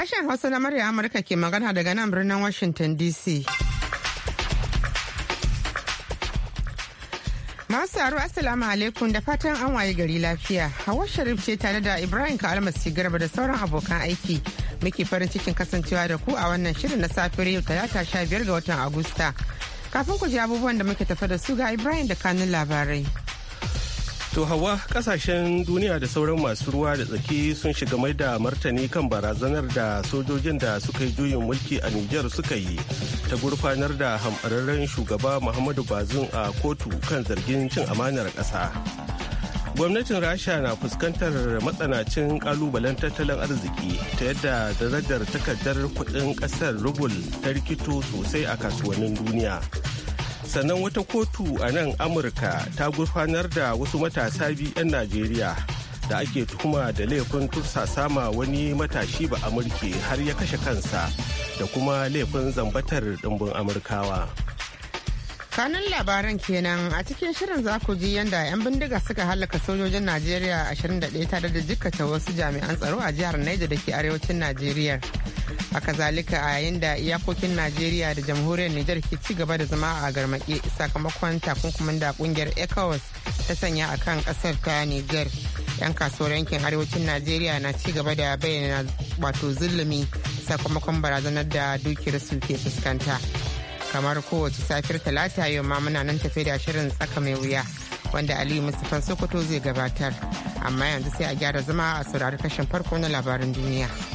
Sashen Hausa na murya Amurka ke magana daga nan birnin Washington DC. Masu aro Assalamu alaikum da fatan an waye gari lafiya. Hawa Sharif ce tare da Ibrahim Kalmasi Garba da sauran abokan aiki. Muke farin cikin kasancewa da ku a wannan shirin na safe yau talata sha biyar ga watan Agusta. Kafin ku ji abubuwan da muke tafa da su ga Ibrahim da kanun labarai. To hawa kasashen duniya da sauran masu ruwa da tsaki sun shiga mai da martani kan barazanar da sojojin da suka yi juyin mulki a Nijar suka yi ta gurfanar da hamɓararren shugaba Muhammadu bazu a kotu kan zargin cin amanar ƙasa. Gwamnatin Rasha na fuskantar matsanacin kalubalen tattalin arziki ta yadda darajar takardar kuɗin ƙasar rubul ta rikito sosai a kasuwannin duniya. sannan wata kotu a nan amurka ta gurfanar da wasu matasa biyu 'yan najeriya da ake tuhuma da laifin tursa sama wani matashi ba amurke har ya kashe kansa da kuma laifin zambatar dimbin amurkawa kanun labaran kenan a cikin shirin za ku ji yadda 'yan bindiga suka halaka sojojin najeriya 21 tare da jikkata wasu jami'an tsaro a jihar niger da ke arewacin najeriya haka zalika a yayin da iyakokin najeriya da jamhuriyar nijar ke ci gaba da zama a garmaƙe sakamakon takunkumin da kungiyar ecowas ta sanya a kan kasar ta nijar yan kasuwar yankin arewacin najeriya na ci gaba da bayyana wato zulumi sakamakon barazanar da dukiyarsu ke fuskanta kamar kowace safiyar talata yau ma muna nan tafe da shirin tsaka mai wuya wanda aliyu mustapha sokoto zai gabatar amma yanzu sai a gyara zama a saurari kashin farko na labarin duniya.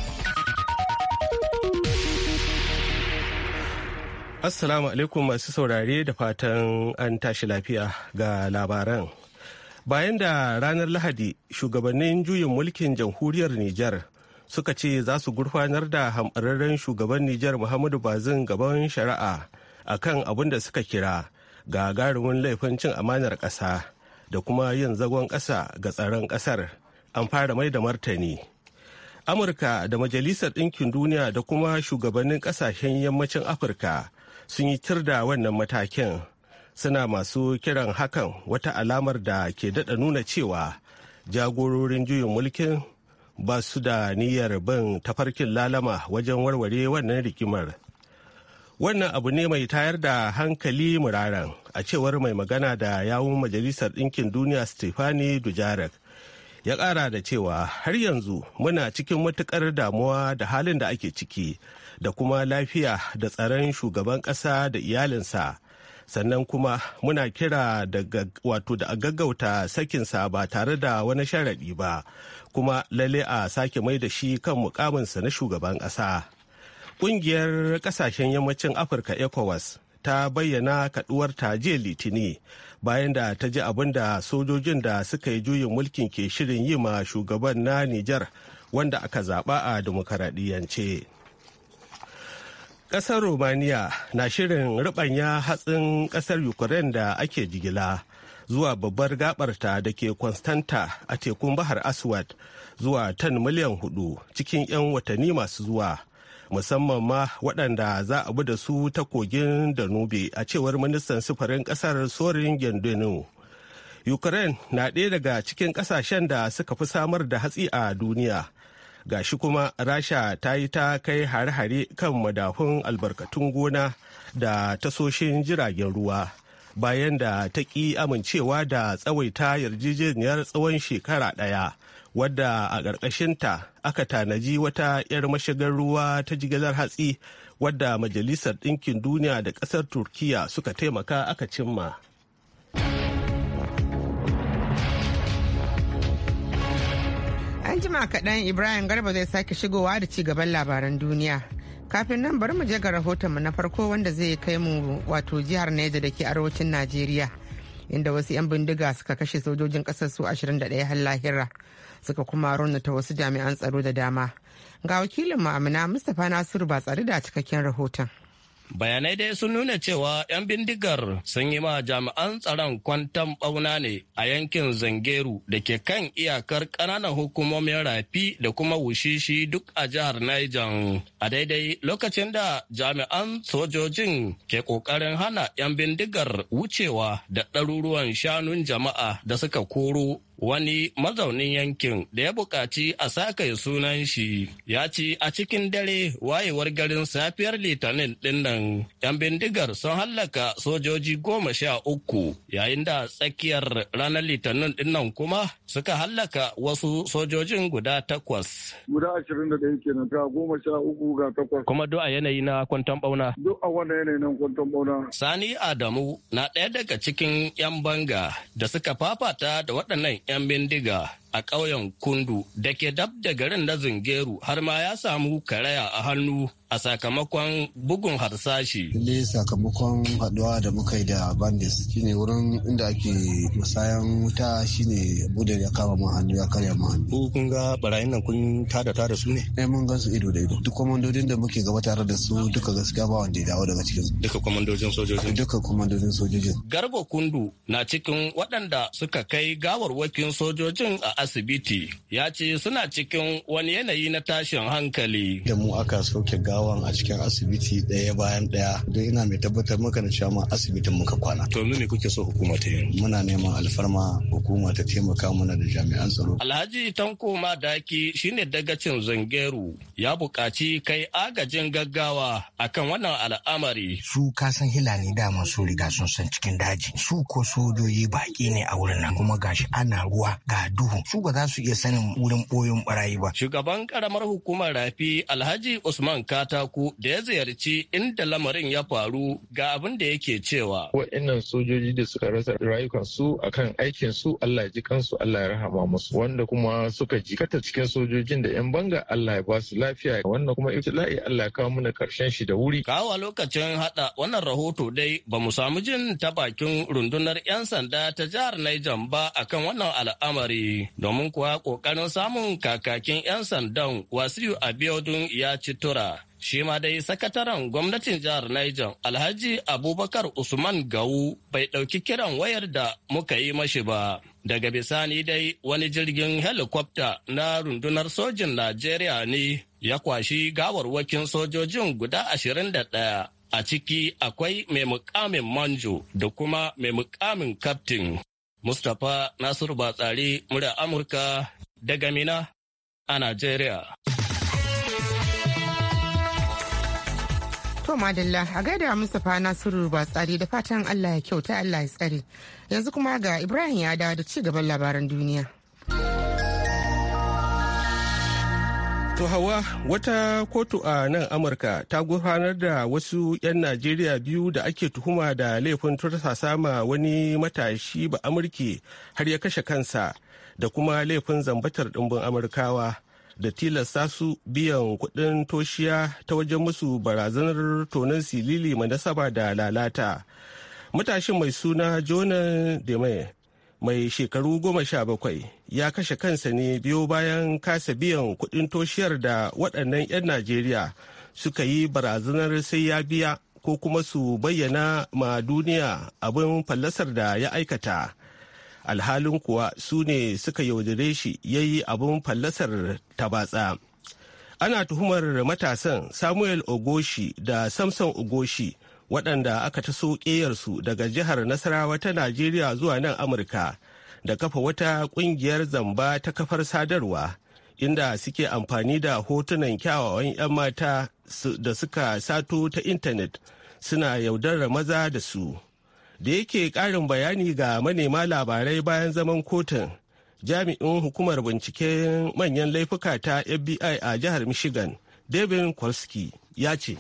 Assalamu alaikum masu saurare da fatan an tashi lafiya ga labaran. Bayan da ranar Lahadi shugabannin juyin mulkin jamhuriyar Nijar suka ce za su gurfanar da hamɓararren shugaban Nijar Muhammadu Bazin gaban shari'a a kan abin da suka kira gagarumin laifin cin amanar ƙasa da kuma yin zagon ƙasa ga tsaron ƙasar an fara mai da martani. Amurka da Majalisar Ɗinkin Duniya da kuma shugabannin ƙasashen yammacin Afirka sun yi tir da wannan matakin suna masu kiran hakan wata alamar da ke daɗa nuna cewa jagororin juyin mulkin ba su da niyyar bin tafarkin lalama wajen warware wannan rigimar. wannan abu ne mai tayar da hankali muraran a cewar mai magana da yawun majalisar ɗinkin duniya stefani dujarek ya ƙara da cewa har yanzu muna cikin matuƙar damuwa da halin da ake ciki da kuma lafiya da tsaron shugaban ƙasa da iyalinsa sannan kuma muna kira wato da gaggauta sakinsa ba tare da wani sharaɗi ba kuma lalle a sake mai da shi kan mukaminsa na shugaban ƙasa ƙungiyar ƙasashen yammacin afirka ecowas ta bayyana kaduwar ta jiya litini bayan da ta ji abin da sojojin da suka yi juyin mulkin ke shirin yi ma shugaban na nijar wanda aka zaɓa a demokaradiyyance. kasar romania na shirin rubanya hatsin ƙasar ukraine da ake jigila zuwa babbar gabarta da ke constanta a tekun bahar aswad zuwa tan miliyan hudu cikin 'yan watanni masu zuwa musamman ma waɗanda za a bi da su ta kogin danube a cewar ministan sufurin ƙasar sorin gendonu ukraine na ɗaya daga cikin ƙasashen da suka fi samar da hatsi a duniya gashi kuma rasha ta yi ta kai hare-hare kan madafun albarkatun gona da tasoshin jiragen ruwa bayan da ta ki amincewa da tsawaita yarjejeniyar tsawon shekara ɗaya wadda a ƙarƙashin ta aka tanaji wata 'yar mashigar ruwa ta jigilar hatsi wadda majalisar ɗinkin duniya da ƙasar turkiya suka taimaka aka cimma. jima kaɗan Ibrahim Garba zai sake shigowa da ci gaban labaran duniya. Kafin nan bari mu je ga rahotonmu na farko wanda zai kai mu wato jihar Neja da ke arewacin Najeriya. Inda wasu 'yan bindiga suka kashe sojojin ƙasar su 21 har lahira suka kuma raunata wasu jami'an tsaro da dama. Ga wakilin mu Amina Mustapha Nasiru ba tsari da cikakken rahoton. Bayanai dai sun nuna cewa 'yan bindigar sun yi ma jami'an tsaron kwantan bauna ne a yankin Zangeru da ke kan iyakar ƙananan hukumomin rafi da kuma wushishi duk a jihar Niger. A daidai lokacin da jami'an sojojin ke ƙoƙarin hana 'yan bindigar wucewa da ɗaruruwan shanun jama'a da suka koro wani mazaunin yankin da ya buƙaci a sakaye sunan shi ya ci a cikin dare wayewar garin safiyar litinin dinnan yan bindigar sun hallaka sojoji goma sha uku yayin da tsakiyar ranar litinin dinnan kuma suka hallaka wasu sojojin guda takwas guda ashirin da ɗaya kenan ga goma sha uku ga takwas kuma do a yanayi na kwanton ɓauna duk a wannan yanayi na kwanton ɓauna sani adamu na ɗaya daga cikin yan banga da suka fafata da waɗannan 'yan bindiga a ƙauyen kundu da ke dab da garin na zungeru har ma ya samu karaya a hannu a sakamakon bugun harsashi. Ile sakamakon haduwa da muka yi da bandis shine wurin inda ake musayan wuta shine budan ya kama mu hannu ya karya mu hannu. Ku kun ga barayin nan kun tada tada su ne? Eh mun gan su ido da ido. Duk kwamandodin da muke gaba tare da su duka gaskiya ba wanda ya dawo daga cikin su. Duka kwamandojin sojojin. Duka kwamandojin sojojin. Garba Kundu na cikin waɗanda suka kai gawarwakin sojojin a asibiti ya ce suna cikin wani yanayi na tashin hankali. Da mu aka soke gawan a cikin asibiti ɗaya bayan ɗaya don ina mai tabbatar maka na cewa asibitin muka kwana. To nuna ne kuke so hukuma ta yi? Muna neman alfarma hukuma ta taimaka mana da jami'an tsaro. Alhaji Tanko Madaki shine dagacin Zangeru ya buƙaci kai agajin gaggawa akan wannan al'amari. Su kasan Hilani dama su riga sun san cikin daji. Su ko sojoji baƙi ne a wurin nan kuma gashi ana ruwa ga duhu. su ba za su iya sanin wurin boyin barayi ba. Shugaban karamar hukumar rafi Alhaji Usman Katako da ya ziyarci inda lamarin ya faru ga abin da yake cewa. Wa'innan sojoji da suka rasa rayukansu akan aikin su Allah ji kansu Allah ya rahama musu wanda kuma suka jikata cikin sojojin da 'yan banga Allah ya ba su lafiya wannan kuma ibtila'i Allah ya kawo mana karshen shi da wuri. Kawa lokacin hada wannan rahoto dai ba mu samu jin ta bakin rundunar 'yan sanda ta jihar Niger ba akan wannan al'amari. domin kuwa ƙoƙarin samun kakakin 'yan sandan wasiu abiodun ya ci tura shi ma dai sakataren gwamnatin jihar Niger alhaji abubakar usman gawu bai ɗauki kiran wayar da muka yi mashi ba daga bisani dai wani jirgin helikwafta na rundunar sojin najeriya ne ya kwashi gawarwakin sojojin guda ashirin da ɗaya, a ciki akwai mai mukamin manjo da kuma mai mukamin kaftin Mustapha Nasiru Batsari murya Amurka daga Mina a Najeriya. To Madalla a gaida Mustapha Nasiru Batsari da fatan Allah ya kyauta Allah ya tsare. Yanzu kuma ga Ibrahim ya dawo da ci gaban labaran duniya. To hawa wata kotu a nan Amurka ta gurfanar da wasu 'yan Najeriya biyu da ake tuhuma da laifin tursasa ma wani matashi ba Amurki har ya kashe kansa da kuma laifin zambatar ɗimbin Amurkawa da tilasta su biyan kuɗin toshiya ta wajen musu barazanar tonon silili nasaba da lalata. Matashin mai suna Jonan Demaye mai shekaru goma sha bakwai ya kashe kansa ne biyo bayan kasa biyan kuɗin toshiyar da waɗannan 'yan najeriya suka yi barazanar sai ya biya ko kuma su bayyana ma duniya abin fallasar da ya aikata alhalin kuwa su ne suka yaudare shi ya yi abin fallasar ta batsa. ana tuhumar matasan samuel ogoshi da samson ogoshi waɗanda aka ta so ƙeyarsu daga jihar Nasarawa ta Najeriya zuwa nan Amurka da kafa wata ƙungiyar zamba ta kafar sadarwa inda suke amfani da hotunan kyawawan 'yan mata da suka sato ta intanet suna yaudarar maza da su. Da yake ƙarin bayani ga manema labarai bayan zaman kotun jami'in hukumar binciken manyan laifuka ta FBI a jihar Michigan, David kwalski ya ce.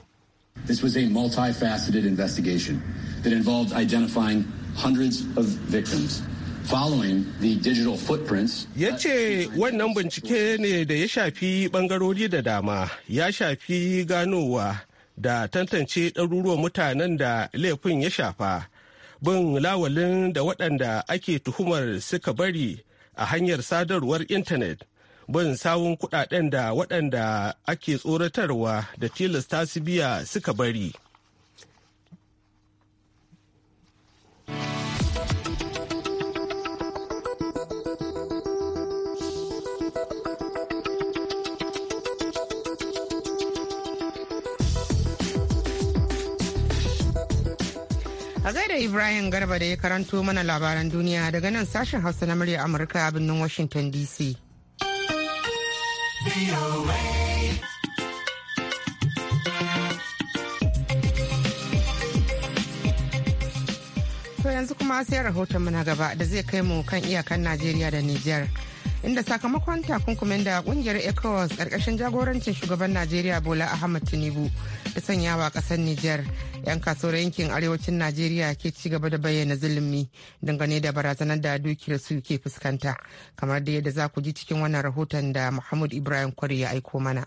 This was a multifaceted investigation that involved identifying hundreds of victims. following the digital footprints. Ya ce wannan bincike ne da ya shafi bangarori da dama, ya shafi ganowa da tantance ɗaruruwan mutanen da laifin ya shafa, bin lawalin da waɗanda ake tuhumar suka bari a hanyar sadarwar intanet. bin sawun kudaden da waɗanda ake tsoratarwa da tilasta su biya suka bari. A gaida Ibrahim Garba da ya karanto mana labaran duniya daga nan sashen Hausa na murya Amurka a birnin Washington DC. To yanzu kuma sai rahoton mu na gaba da zai kai mu kan iyakan Najeriya da Nijar. inda sakamakon takunkumin da kungiyar ecowas karkashin jagorancin shugaban najeriya bola ahmad tinubu da sanyawa kasar niger yan kasuwar yankin arewacin najeriya ke ci gaba da bayyana zulumi dangane da barazanar da dukiyar su ke fuskanta kamar da yadda za ku ji cikin wannan rahoton da muhammad ibrahim kwari ya aiko mana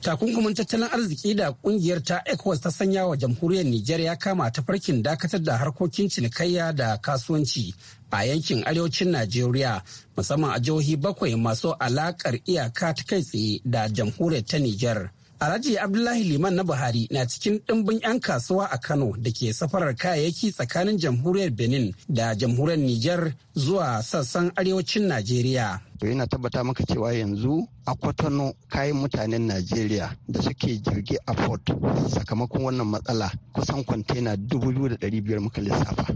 takunkumin tattalin arziki da kungiyar ta ecowas ta sanya wa jamhuriyar niger ya kama ta farkin dakatar da harkokin cinikayya da kasuwanci a yankin arewacin Najeriya musamman a jihohi bakwai masu alakar iyaka ta kai tsaye da jamhuriyar ta Nijar. Alhaji Abdullahi Liman na Buhari na cikin ɗimbin 'yan kasuwa a Kano da ke safarar kayayyaki tsakanin jamhuriyar Benin da jamhuriyar Nijar zuwa sassan arewacin Najeriya. to yana tabbata maka cewa yanzu a kwatano kayan mutanen najeriya da suke jirgi a port sakamakon wannan matsala kusan kwantena biyar muka lissafa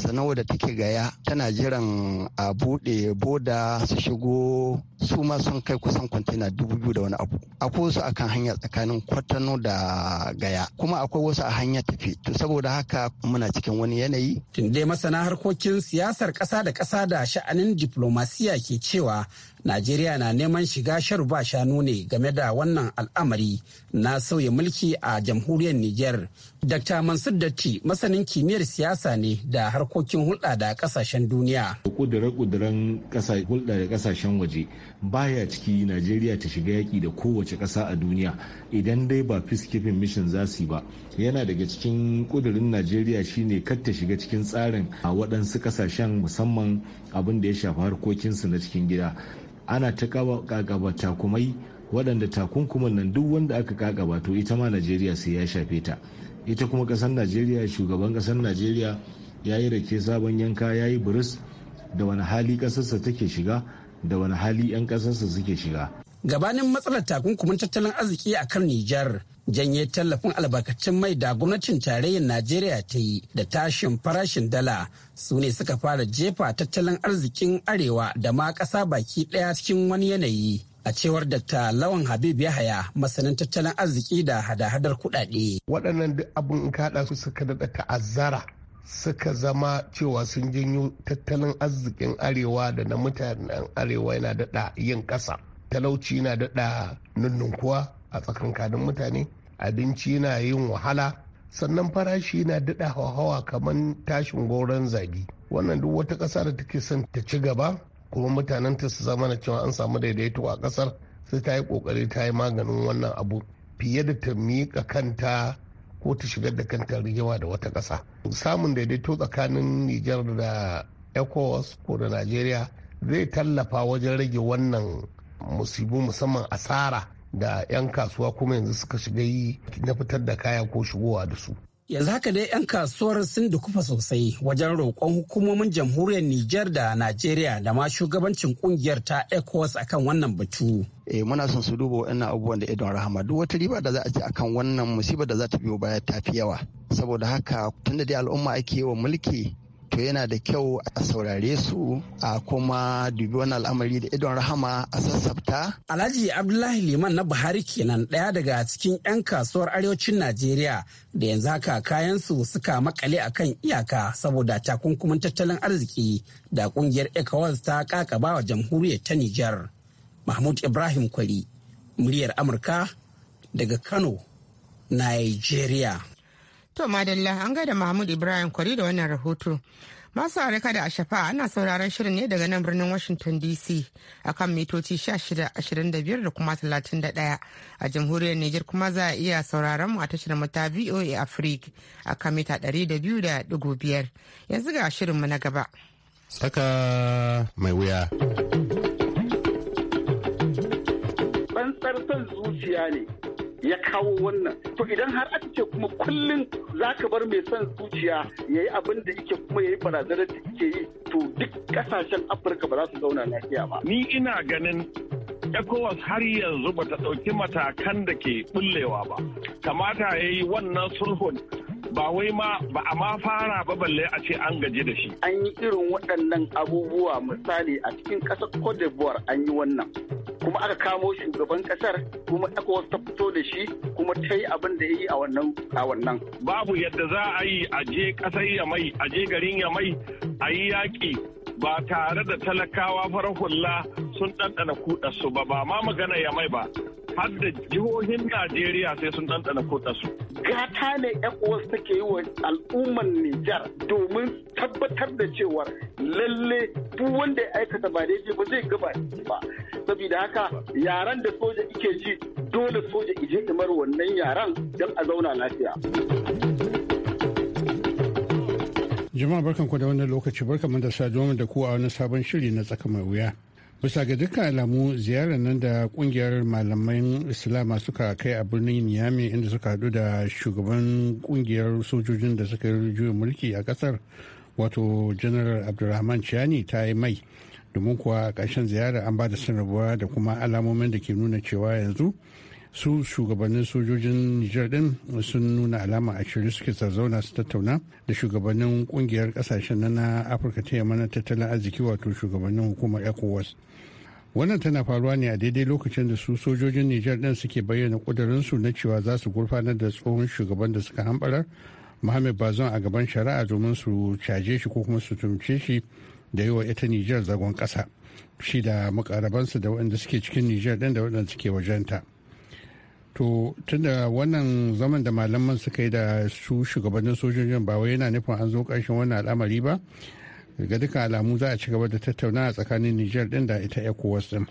sanau da take gaya tana jiran a bude boda su shigo su ma sun kai kusan kwantena dubu biyu da wani abu akwai wasu akan hanya tsakanin kwatano da gaya kuma akwai wasu a hanya tafi to saboda haka muna cikin wani yanayi tun dai masana harkokin siyasar kasa da kasa da sha'anin diplomasiya ke cewa najeriya na neman shiga sharu ba shanu ne game da wannan al'amari na sauya mulki a jamhuriyar nijar dr mansur datti masanin kimiyyar siyasa ne da harkokin hulɗa da ƙasashen duniya kudure-kuduren hulɗa da ƙasashen waje baya ciki najeriya ta shiga yaƙi da kowace ƙasa a duniya idan dai ba peacekeeping mission za su yi ba yana daga cikin kudurin najeriya shine kar ta shiga cikin tsarin a waɗansu ƙasashen musamman abin da ya shafi harkokinsu na cikin gida ana ta kakaba takumai waɗanda takunkuman nan duk wanda aka kakaba to ita ma najeriya sai ya shafe ta ita kuma ƙasar najeriya shugaban ƙasar najeriya ya yi rake sabon yanka ya yi buris da wani hali ƙasarsa take shiga da wani hali 'yan ƙasarsa suke shiga gabanin matsalar takunkumin tattalin arziki a kan nijar janye tallafin albarkacin mai da gwamnatin tarayyar najeriya ta yi da tashin farashin dala su ne suka fara jefa tattalin arzikin arewa da ma ƙasa baki ɗaya cikin wani yanayi a cewar da ta Lawan Habib Yahaya masanin tattalin arziki da hada-hadar kuɗaɗe. Waɗannan duk abin in kaɗa su suka daɗa ta'azzara suka zama cewa sun janyo tattalin arzikin arewa da na mutanen arewa yana daɗa yin ƙasa. Talauci yana daɗa nunnunkuwa a tsakankanin mutane abinci na yin wahala sannan farashi na daɗa hawa kamar tashin goron zabi wannan duk wata ƙasa da take son ta ci gaba kuma mutanen ta su zama na cewa an samu daidaito a ƙasar sai ta yi ƙoƙari ta yi maganin wannan abu fiye da ta miƙa kanta ko ta shigar da kanta rigewa da wata ƙasa samun daidaito tsakanin nijar da ecowas ko da nigeria zai tallafa wajen rage wannan musibu musamman asara da 'yan kasuwa kuma yanzu suka shiga yi na fitar da kaya ko shigowa da su. yanzu haka dai 'yan kasuwar sun dukufa sosai wajen roƙon hukumomin jamhuriyar Nijar da Najeriya da ma shugabancin kungiyar ta ECOWAS akan wannan batu. Eh muna son su duba waɗannan abubuwan da idon rahama duk wata riba da za a ci akan wannan musibar da za ta biyo baya ta fi yawa. Saboda haka tunda dai al'umma ake yi wa mulki to yana da kyau a saurare su a kuma dubi wani al'amari da idon rahama a sassafta. Alhaji Abdullahi Liman na Buhari kenan ɗaya daga cikin 'yan kasuwar arewacin Najeriya da yanzu haka kayansu suka makale a kan iyaka saboda takunkumin tattalin arziki da kungiyar ECOWAS ta kakaba wa jamhuriyar ta Nijar. Mahmud Ibrahim Kwari, muryar Amurka daga Kano, Nigeria. To madalla an da Mahmud Ibrahim kwari da wannan rahoto. Masu harika da ashafa ana sauraron shirin ne daga nan birnin Washington DC akan mitoci 1625 da kuma 31 a jamhuriyar Nijar kuma za a iya sauraron mu a tashar mata VOA Africa akan mita 200.5 yanzu ga mu na gaba. Saka mai wuya. Tsantsar son zuciya ne. ya kawo wannan to idan har aka ce kuma kullum za ka bar mai son zuciya ya yi abin da yake kuma ya yi barazanar da yake yi to duk kasashen afirka ba za su zauna lafiya ba ni ina ganin ECOWAS har yanzu ba ta ɗauki matakan da ke bullewa ba. Kamata ya yi wannan sulhun ba wai ma ba a ma fara ba balle a ce an gaji da shi. An yi irin waɗannan abubuwa misali a cikin ƙasar Cote d'Ivoire an yi wannan. kuma aka kamo shugaban kasar kuma ECOWAS ta fito da shi kuma ta yi abin da ya yi a wannan Babu yadda za a yi a je ƙasar Yamai a je garin Yamai a yi yaƙi ba tare da talakawa farar hula sun ɗanɗana kuɗa su ba ba ma magana ya mai ba har da jihohin Najeriya sai sun ɗanɗana tasu. Gata ne ECOWAS take yi wa al'ummar Nijar domin tabbatar da cewa lalle duk wanda ya aikata ba daidai ba zai gaba ba. Saboda haka yaran da soja ike ji dole soja ije kamar wannan yaran don a zauna lafiya. Jama'a barkan ku da wannan lokaci barkan da saduwa da ku a wani sabon shiri na tsaka mai wuya. bisa ga dukkan alamu ziyarar nan da kungiyar malaman islama suka kai a birnin niamey inda suka hadu da shugaban kungiyar sojojin da suka yi mulki a kasar wato general abdulrahman chiani ta yi mai domin kuwa a ƙarshen ziyara an ba da sanarwa da kuma alamomin da ke nuna cewa yanzu su shugabannin sojojin nijar din sun nuna alama a shirye suke zauna su tattauna da shugabannin kungiyar kasashen na afirka ta yamma na tattalin arziki wato shugabannin hukumar ecowas wannan tana faruwa ne a daidai lokacin da su sojojin nijar din suke bayyana kudurinsu na cewa za su gurfanar da tsohon shugaban da suka hambarar muhammad bazon a gaban shari'a domin su caje shi ko kuma su tumce shi da yi wa ita nijar zagon kasa shi da makarabansa da waɗanda suke cikin nijar din da waɗanda suke wajenta to tunda wannan zaman da malaman suka yi da su shugabannin sojojin ba wai yana nufin an zo ƙarshen wannan al'amari ba ga duka alamu za a ci gaba da tattaunawa tsakanin niger din da ita ecowas din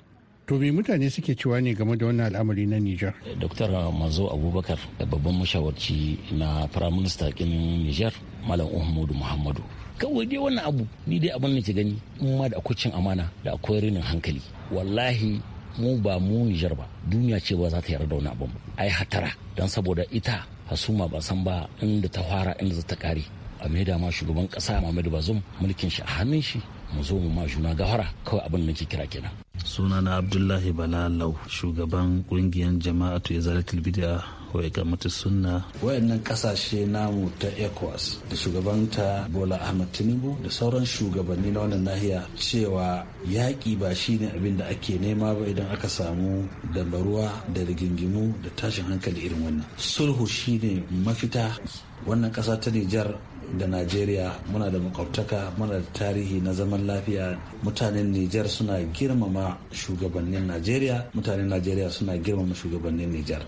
to me mutane suke cewa ne game da wannan al'amari na niger dr manzo abubakar babban mashawarci na prime minister kin niger malam uhmudu muhammadu kawai dai wannan abu ni dai abin da ke gani in ma da akwai cin amana da akwai rinin hankali wallahi mu ba mu Nijar ba duniya ce ba za ta yarda wani abin ai hatara don saboda ita hasuma ba san ba inda ta fara inda za ta kare a mai dama shugaban kasa Muhammad Bazum mulkin shi a hannun shi mu zo mu ma juna gafara kawai abin da ke kira kenan sunana Abdullahi Balalau shugaban kungiyar jama'atu ya zalatul bid'a kawai ga mutu sunna wayannan kasashe namu ta ecowas da shugabanta bola ahmad tinubu da sauran shugabanni na wannan nahiya cewa yaƙi ba shine abin da ake nema ba idan aka samu dambaruwa da rigingimu da tashin hankali irin wannan sulhu shine mafita wannan ƙasa ta nijar da najeriya muna da makwabtaka muna da tarihi na zaman lafiya mutanen nijar suna girmama shugabannin najeriya mutanen najeriya suna girmama shugabannin nijar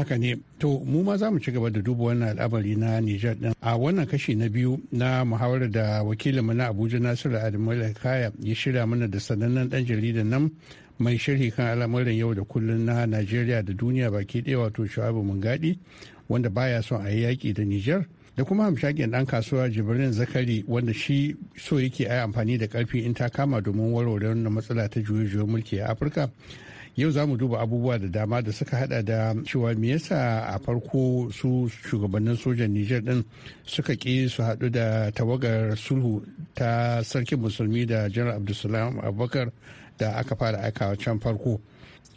haka ne to mu ma za mu ci gaba da duba wannan al'amari na nijar din a wannan kashi na biyu na muhawarar da wakilinmu na abuja nasiru adamuwa kaya ya shirya mana da sanannen dan jaridan nan mai sharhi kan al'amuran yau da kullun na najeriya da duniya baki ɗaya wato shu'abu mungadi wanda baya son a yi yaƙi da niger da kuma hamshakin dan kasuwa jibrin zakari wanda shi so yake a amfani da karfi in ta kama domin warware wannan matsala ta juye juyo mulki a afirka yau za mu duba abubuwa da dama da suka hada da cewa me yasa a farko su shugabannin sojan nijar din suka ki su hadu da tawagar sulhu ta sarkin musulmi da janar abdulsalam abubakar da aka fara aikawa can farko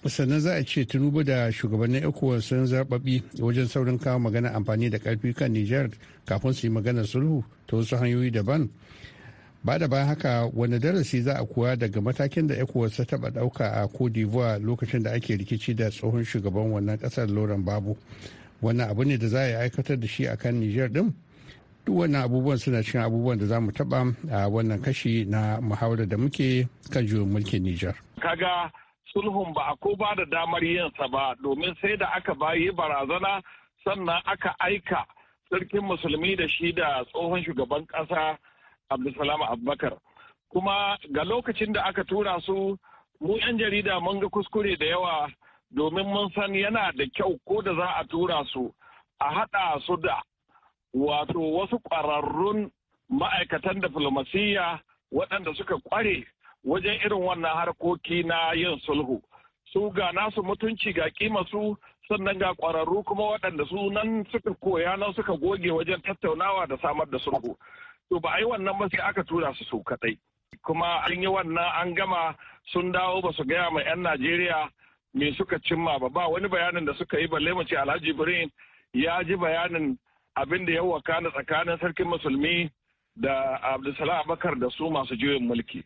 sannan za a ce tinubu da shugabannin ecowas sun zaɓaɓi wajen saurin kawo magana amfani da karfi kan niger kafin su yi maganar sulhu ta wasu hanyoyi daban ba da bayan haka wani darasi za a koya daga matakin da ecowas ta taba dauka a cote d'ivoire lokacin da ake rikici da tsohon shugaban wannan kasar lauren babu wannan abu ne da za a yi aikatar da shi akan niger din duk wannan abubuwan suna cikin abubuwan da za mu taba a wannan kashi na muhawara da muke kan juyin mulkin niger kaga sulhun ba a ko ba da damar yinsa ba domin sai da aka bayi barazana sannan aka aika sarkin musulmi da shi da tsohon shugaban kasa abdulsalam abubakar kuma ga lokacin da aka tura su mu 'yan jarida mun ga kuskure da yawa domin mun san yana da kyau ko da za a tura su a haɗa su da wato wasu ƙwararrun ma'aikatan diflomasiyya waɗanda suka ƙware wajen irin wannan harkoki na yin sulhu su ga nasu mutunci ga kima sannan ga ƙwararru kuma waɗanda su nan suka koya nan suka goge wajen tattaunawa da samar da sulhu to ba a yi wannan ba sai aka tura su su kadai kuma an yi wannan an gama sun dawo ba su gaya ma 'yan najeriya me suka cimma ba ba wani bayanin da suka yi balle mu ce alhaji ibrahim ya ji bayanin abin da ya wakana tsakanin sarkin musulmi da abdulsalam abakar da su masu juyin mulki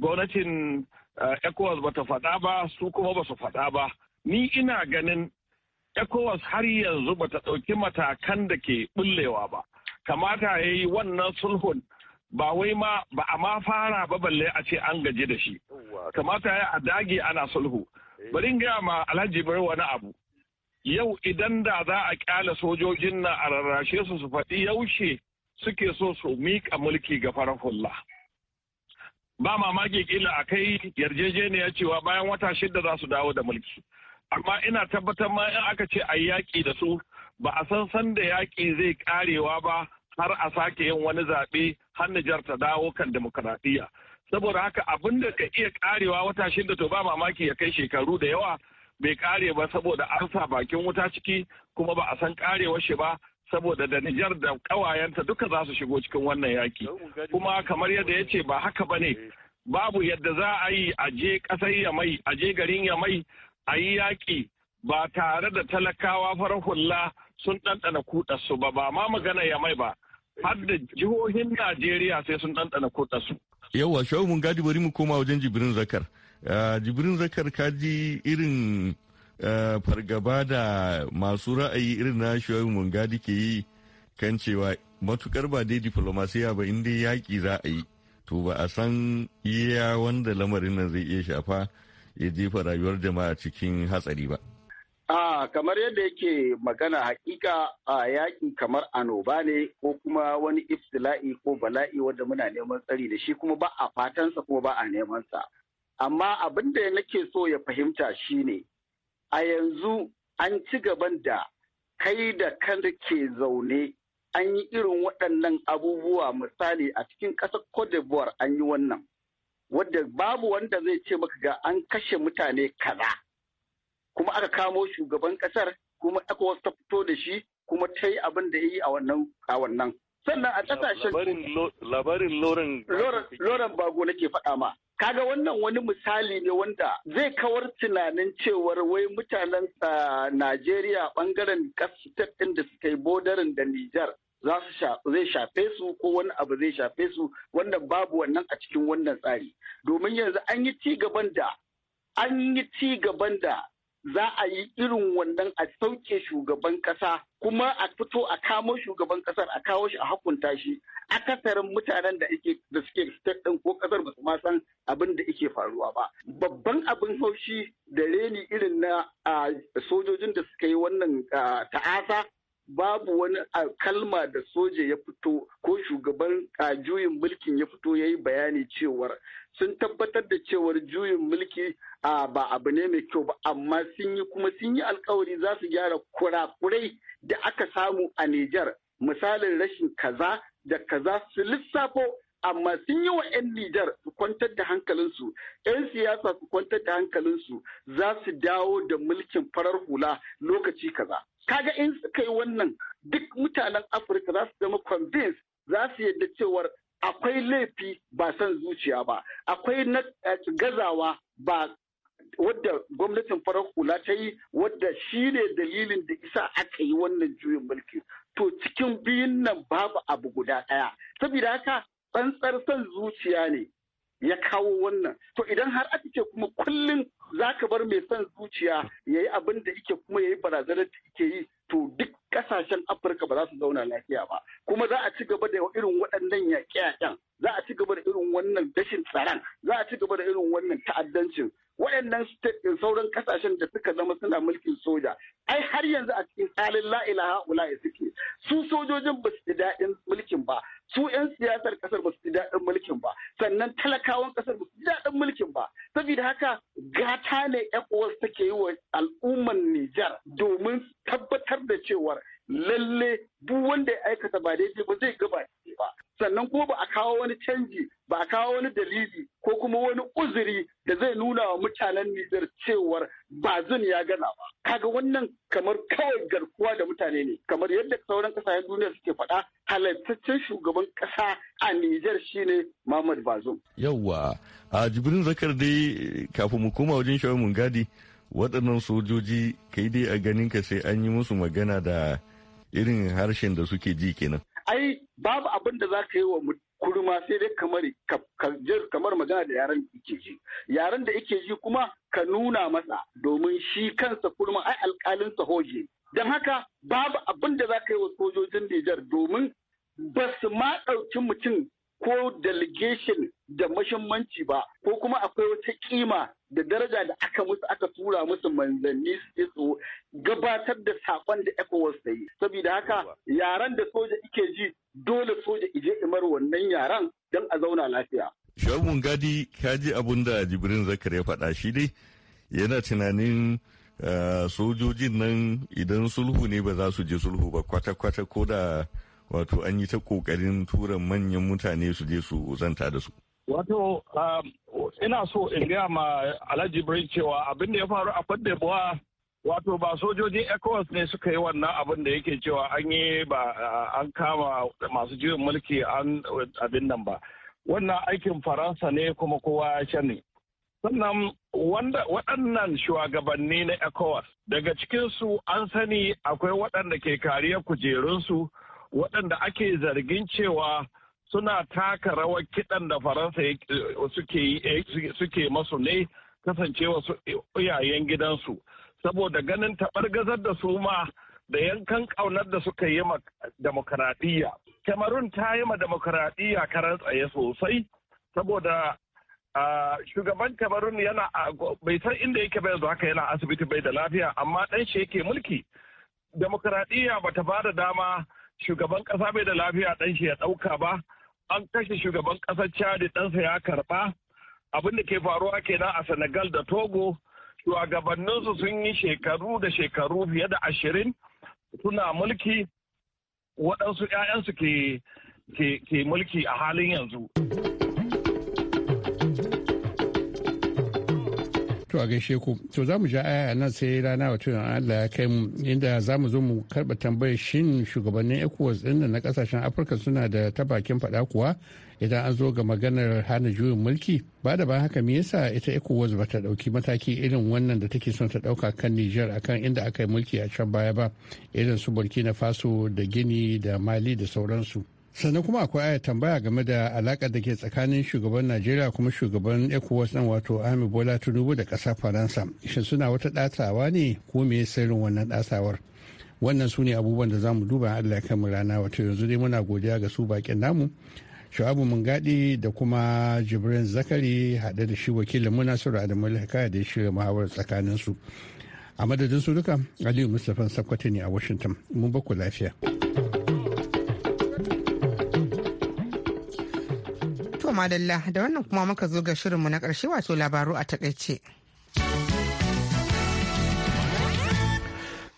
gwamnatin eh, ecowas bata faɗa ba su kuma ba su faɗa ba ni ina ganin ecowas har yanzu bata ɗauki matakan da ke bullewa ba kamata ya yi wannan sulhun ba wai ma ba a ma fara ba balle a ce an gaji da shi kamata ya a dage ana sulhu eh. bari gaya ma alhaji bari wani abu yau idan da za a kyala sojojin na a rarrashe su su faɗi yaushe suke so su miƙa mulki ga farar ba mamaki kila a kai yarjejeniya cewa bayan wata shida za su dawo da mulki amma ina tabbatar ma in aka ce a yaƙi da su ba a san sanda yaƙi zai ƙarewa ba har a sake yin wani zaɓe har Nijar ta dawo kan demokradiyya. Saboda haka abin da ka iya karewa wata shida to ba mamaki ya kai shekaru da yawa bai kare ba saboda an sa bakin wuta ciki kuma ba a san karewar shi ba saboda da Nijar da ƙawayenta duka za su shigo cikin wannan yaki. Kuma kamar yadda ya ce ba haka ba ne babu yadda za a yi a je ƙasar Yamai a je garin Yamai a yi yaƙi ba tare da talakawa farar hula sun ɗanɗana kuɗarsu ba ba ma magana Yamai ba. har da jihohin Najeriya sai sun ɗanɗana kotarsu. Yawwa, shawu mun gadi bari mu koma wajen jibirin zakar. Uh, jibirin zakar ka ji irin uh, fargaba da masu ra'ayi irin na shawu mun gadi ke yi kan cewa matukar ba dai diplomasiya ba inda yaƙi za a yi. To ba a san iya wanda lamarin nan zai iya shafa ya jefa rayuwar jama'a cikin hatsari ba. A kamar yadda yake magana hakika a yaƙi kamar anoba ne ko kuma wani iftila'i ko bala'i wanda muna neman tsari da shi kuma ba a fatansa kuma ba a neman sa. Amma abin da nake so ya fahimta shi ne. a yanzu an ci gaban da kai da kan ke zaune an yi irin waɗannan abubuwa misali a cikin ƙasar Cote d'Ivoire an yi wannan. Wadda babu wanda zai ce maka ga an kashe mutane kaza. kuma aka kamo shugaban kasar kuma aka wasu ta fito da shi kuma ta yi abin da ya yi a wannan wannan. sannan a kasashen labarin loren loren bago nake faɗa ma kaga wannan wani misali ne wanda zai kawar tunanin cewar wai mutanen Najeriya bangaren kasar ɗin da suka yi bodarin da Nijar za su zai shafe su ko wani abu zai shafe su wannan babu wannan a cikin wannan tsari domin yanzu an yi ci gaban da an yi ci gaban da za a yi irin wannan a sauke shugaban kasa kuma a fito a kamo shugaban kasar a kawo shi a hakunta shi akasarin mutanen da ake da suke state din ko kasar ba su ma san abin da yake faruwa ba babban abin haushi da reni irin na sojojin da suka yi wannan ta'asa babu wani kalma da soja ya fito ko shugaban a juyin mulkin ya fito ya yi bayani cewar sun tabbatar da cewar juyin mulki a ba abu ne mai kyau ba amma sun yi kuma sun yi alkawari za su gyara kurakurai da aka samu a Nijar misalin rashin kaza da kaza su lissafo amma sun yi wa 'yan Nijar su kwantar da hankalinsu, 'yan siyasa su kwantar da hankalinsu za su dawo da mulkin farar hula lokaci kaza. Kaga in suka yi wannan duk mutanen Afirka za su zama convince za su yadda cewar akwai laifi ba san zuciya ba, akwai na eh, gazawa ba wadda gwamnatin farar hula ta yi wadda shi ne dalilin da isa aka yi wannan juyin mulki. To cikin biyun nan babu abu guda ɗaya. Saboda haka tsantsar son zuciya ne ya kawo wannan to idan har aka ce kuma kullum za ka bar mai son zuciya ya yi abin da ike kuma ya yi barazanar da ike yi to duk kasashen afirka ba za su zauna lafiya ba kuma za a ci gaba da irin waɗannan yaƙe-yaƙen za a ci gaba da irin wannan dashin tsaron za a ci gaba da irin wannan ta'addancin waɗannan sauran kasashen da suka zama suna mulkin soja ai har yanzu a cikin halin la'ila ha'ula suke su sojojin ba su daɗin mulkin ba su 'yan siyasar kasar ba su ji daɗin mulkin ba sannan talakawan kasar ba su ji daɗin mulkin ba saboda haka gata ne ecowas take yi wa al'umman nijar domin tabbatar da cewar lalle duk wanda ya aikata ba daidai ba zai gaba ba sannan kuma ba a kawo wani canji ba a kawo wani dalili ko kuma wani uzuri da zai nuna wa mutanen Nijar cewar ba zan ya gana ba kaga wannan kamar kawai garkuwa da mutane ne kamar yadda sauran kasashen duniya suke faɗa halartaccen shugaban ƙasa a Nijar shine Muhammad Bazoum yawwa a jibrin zakar dai kafin mu koma wajen shawar mun gadi waɗannan sojoji kai dai a ganin ka sai an yi musu magana da irin harshen da suke ji kenan ai babu abin da za ka yi wa kurma sai dai kamar kamar magana da yaren da ike ji yaren da ike ji kuma ka nuna masa domin shi kansa kurma ai alkalin hoje don haka babu abin da za ka yi wa sojojin Nijar domin ba su ma ɗauki mutum ko delegation da mahimmanci ba ko kuma akwai wata kima da daraja da aka musu aka tura musu manzanni su gabatar da saƙon da ECOWAS ta yi saboda haka yaran da soja ike ji dole soja ije imar wannan yaran don a zauna lafiya shagun Gadi ka ji abun da Jibrin Zakar ya faɗa shi dai yana tunanin eh, sojojin nan idan sulhu ne ba za su je sulhu ba kwata-kwata ko da wato an yi ta kokarin tura manyan mutane su je su zanta da su wato um, ina so in gaya ma alhaji ibrahim cewa abin da ya faru a cote wato ba sojojin ecowas ne suka yi wannan abin da yake cewa an yi ba uh, an kama masu juyin mulki an abin nan ba wannan aikin faransa ne kuma kowa ya ne sannan waɗannan shugabanni na ecowas daga cikinsu an sani akwai waɗanda ke kariyar kujerunsu waɗanda ake zargin cewa suna taka rawar kiɗan da faransa eh, suke masu ne kasancewa su iyayen gidansu saboda ganin taɓargazar da su ma da yankan ƙaunar da suka yi demokaradiyya cameroon ta yi ma demokaradiyya karan tsaye sosai saboda shugaban cameroon yana bai san inda yake bai haka yana asibiti bai da lafiya amma ɗan shi yake mulki demokaradiyya ta ba da dama shugaban kasa bai da lafiya ɗan shi ya ɗauka ba an kashe shugaban ƙasar chadi ɗansa ya karɓa abin da ke faruwa kenan a senegal da togo shugabanninsu sun yi shekaru da shekaru fiye da ashirin suna mulki waɗansu 'ya'yansu ke mulki a halin yanzu. a gaishe ku, to za mu ja aya nan sai rana wato tunan Allah ya kai mu inda za mu zo mu karɓa tambayar shin shugabannin ECOWAS ɗin na kasashen Afirka suna da ta bakin faɗa kuwa idan an zo ga maganar hana juyin mulki ba da ba haka me yasa ita ECOWAS ba ta ɗauki mataki irin wannan da take son ta ɗauka kan niger akan inda aka yi mulki a can baya ba irin su Burkina Faso da Gini da Mali da sauransu. sannan kuma akwai aya tambaya game da alakar da ke tsakanin shugaban najeriya kuma shugaban ecowas ɗan wato ahmi bola tinubu da ƙasar faransa shin suna wata ɗatawa ne ko me sirrin wannan ɗatawar wannan su ne abubuwan da za mu duba allah mu rana wato yanzu dai muna godiya ga su bakin namu shu'abu gaɗi da kuma jibrin zakari haɗe da shi wakilin muna sura da mulka da shirya muhawar tsakanin su a madadin su duka aliyu mustapha sakwati ne a washington mun baku lafiya. madalla da wannan kuma muka zo ga shirinmu na ƙarshe wato labaru a takaice.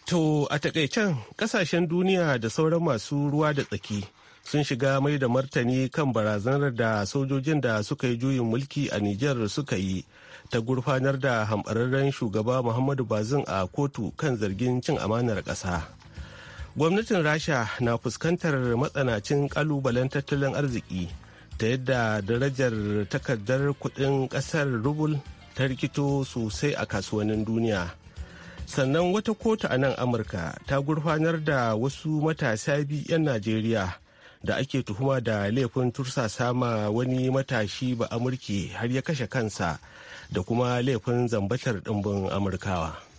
To a takaicen kasashen duniya da sauran masu ruwa da tsaki sun shiga mai da martani kan barazanar da sojojin da suka yi juyin mulki a Nijar suka yi ta gurfanar da hambararren shugaba Muhammadu Bazin a kotu kan zargin cin amanar ƙasa. Gwamnatin Rasha na fuskantar matsanacin ƙalubalen tattalin arziki ta yadda darajar takardar kudin kasar rubul ta rikito sosai a kasuwannin duniya sannan wata kotu a nan amurka ta gurfanar da wasu matasa biyu 'yan najeriya da ake tuhuma da laifin tursa sama wani matashi ba amurki har ya kashe kansa da kuma laifin zambatar ɗimbin amurkawa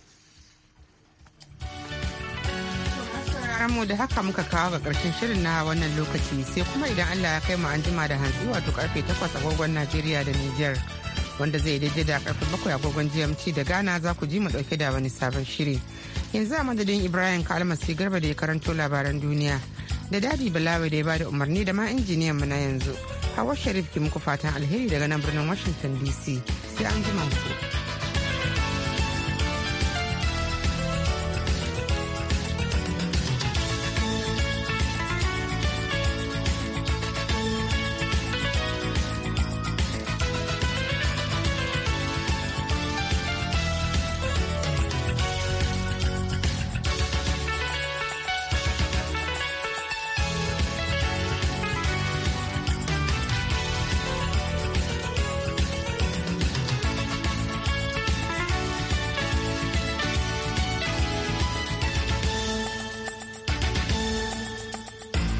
sauraron mu da haka muka kawo ga karshen shirin na wannan lokaci sai kuma idan Allah ya kai mu anjima da hantsi wato karfe 8 agogon Najeriya da Niger wanda zai daidai da karfe 7 agogon GMT da Ghana za ku ji mu dauke da wani sabon shiri. Yanzu a madadin Ibrahim Kalmasi Garba da ya karanto labaran duniya da Dadi Balawe da ya bada umarni da ma injiniyan mu na yanzu. Hawa Sharif ki muku fatan alheri daga nan birnin Washington DC. Sai an jima